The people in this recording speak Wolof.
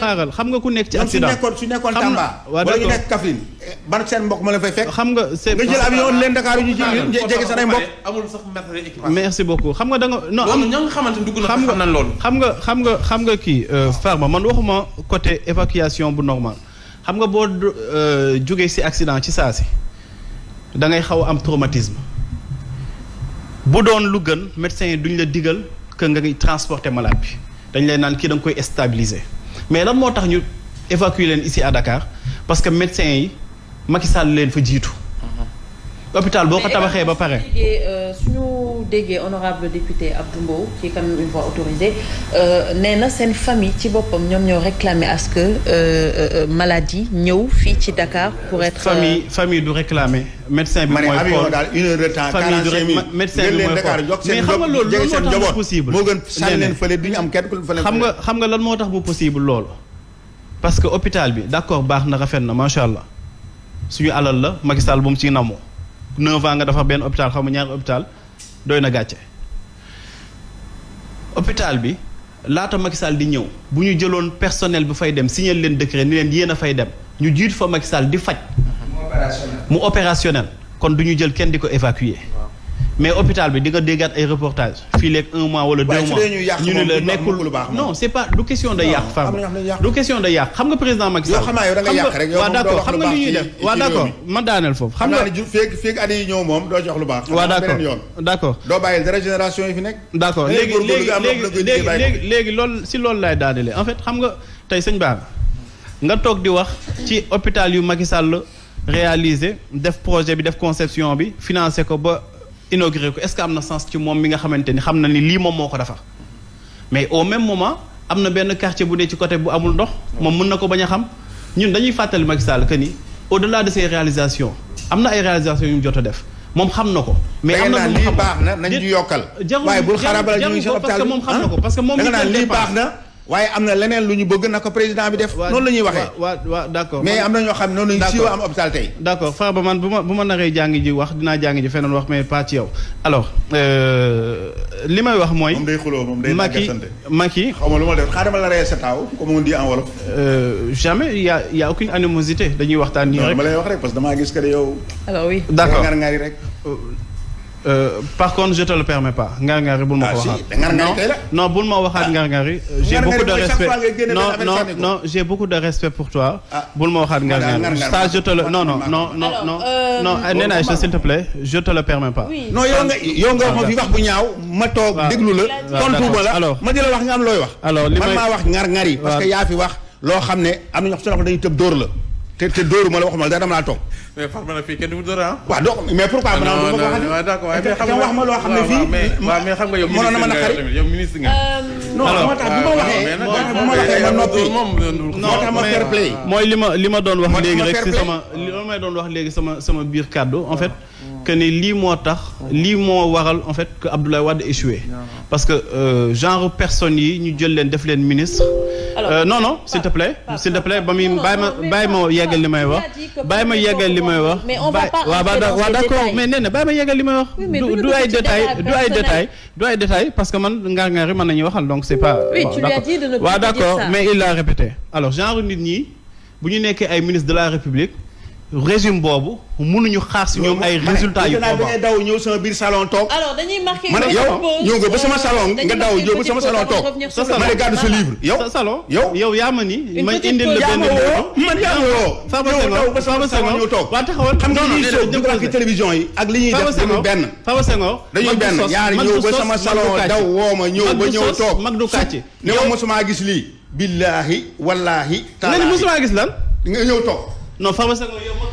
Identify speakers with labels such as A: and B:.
A: xaaral xam nga ku nekk ci accident su nekkoon su nekkoon Tamba wala ñu nekk Kaffrine ban seen mbokk ma la fay fekk xam nga nga jël avion leen Dakar yu ñu jege sa ay mbokk amul sax merci beaucoup xam nga da nga non xam nga xam nga xam nga xam nga kii euh, Farba man waxuma coté évacuation bu normal xam nga boo euh, jógee si accident ci saa si dangay xaw am traumatisme bu doon lu gën médecin yi duñ la diggal que nga transporter malade bi dañ lay naan kii da nga koy stabiliser mais lan moo tax ñu évacuer leen ici à Dakar parce que médecins yi Macky Sall leen fa jiitu. Mm-hmm. hôpital boo ko tabaxee ba pare. ñu déggee honorable député Abdou Mbow qui est quand euh, nee na seen famille ci boppam ñoom ñoo réclamer à ce que euh, euh, maladie ñëw fii ci Dakar pour être. famille famille du réclamer. médecin bi mooy xool daal une heure de temps. famille du mais xam nga gën sànni leen fële
B: du am kenn ku fële. nga
A: xam nga lan moo tax bu possible loolu. parce que hôpital bi d' accord baax na rafet na macha allah suñu alal la Macky Sall bu mu ciy namoo. neuf ans nga dafa benn hôpital xam nga ñaari hôpital doy na gàcce hôpital bi laata Macky Sall di ñëw bu ñu jëloon personnel bu fay dem signal leen décret ni leen yéen a fay dem ñu jiit fa Macky Sall di faj mu opérationnel kon du ñu jël kenn di ko évacuer mais hôpital bi di nga déggaat ay reportage fii léeg un mois wala deux mois ñu ne la nekkul non c'est pas du question de yàq far du question de yàq xam nga président Macky Sall waaw d'accord xam nga li ñuy def waaw d'accord ma daaneel foofu nga d'accord
B: doo bàyyi dara génération yi fi nekk d'accord léegi léegi
A: léegi léegi loolu si loolu laay daanelee en fait xam nga tey sëñ Ba nga toog di wax ci hôpital yu Macky Sall réalisé def projet bi def conception bi financé ko ba inauguré ko est-ce que am na sens ci moom mi nga xamante ni xam na ni lii moom moo ko defar mais au même moment am na benn quartier bu ne ci côté bu amul ndox. moom mun na ko bañ a xam ñun dañuy fàttali Macky Sall que ni au-delà de ses am na ay réalisations yu mu jot a def. moom xam na ko. mais am na lii baax na nañ parce que moom xam na lii baax na. waaye am na leneen lu ñu bëgg na ko
B: président bi def. noonu la ñuy waxee
A: waaw waaw d' accord. mais am na ñoo xam ne noonu la ñu siiw am hôpital tey. d' accord Farba ba man bu ma bu ma wax dinaa jàng ji feneen wax mais pas ci alo alors euh, li may wax mooy. moom day xuloo moom day naggasante Macky Macky. xaw ma lu ma def xaaral ma
B: la reyee sa taaw comme on dit am wolof.
A: Euh, jamais y' a y' a aucune animosité dañuy waxtaan nii rek. non lay wax rek parce que damaa gis que yow.
B: alors oui d' rek. Euh,
A: Euh, par contre je te le permets pas ngar-ngari bul ma ko ah, waxaat non bul ah. ngar-ngari j'ai beaucoup de respect non non non j'ai beaucoup de respect pour toi ah. bul ma waxaat ngar-ngari ça je te le non non non non euh, non euh, non wax bu ñaaw ma
B: toog déglu la ma di la wax nga am looy wax alors li man maa wax ngar-ngari parce que yaa fi wax loo xam ne am na ñoo xam ne dañuy tëb la te te ma la waxuma la dama laa toog. mais far ma ne fii kenn du dóor wax ma loo xam ne fii. waaw mais xam nga yow ministre nga
A: yow euh, ministre moo ma euh, tax ma fair play. mooy li ma li ma doon wax léegi rek si sama li ma doon wax léegi sama sama biir kàddu en fait. que ni lii moo tax lii moo waral en fait que Abdoulaye Wade échoué parce que euh, genre personne yi ñu jël leen def leen ministre euh, non non s'il te plaît s'il te plaît ba muy bàyyi ma yeggal li may wax baay ma yeggal li may wax waaw waaw d'accord mais nee na bàyyi ma yeggal li may wax du ay détail du ay détail ay détail parce que man ngaar ngaar yi mën nañuy waxal donc c'est pas waaw d'accord mais il l'a répété genre nit ñi bu ñu nekkee ay ministre de la République régime boobu mënuñu xaar si ñoom ay résultats yu ko ba daw ñëw sama biir salon toog. alors dañuy marqué ma ne yow ñëw nga ba sama salon nga daw ñëw ba sa salon ma gàddu sa livre yow sa yaa ma ni ma indil la benn man yaa xam nga ñuy soog jëm ak télévision yi ak li ñuy def dañuy benn Farba Senghor dañuy benn yaar ñëw ba sama salon daw woo ma ñëw ba ñëw
B: toog mag du kàcce ne ma mosuma gis lii billaahi wallaahi taala nga ne mosuma gis lan nga ñëw toog non pharmacien
A: yow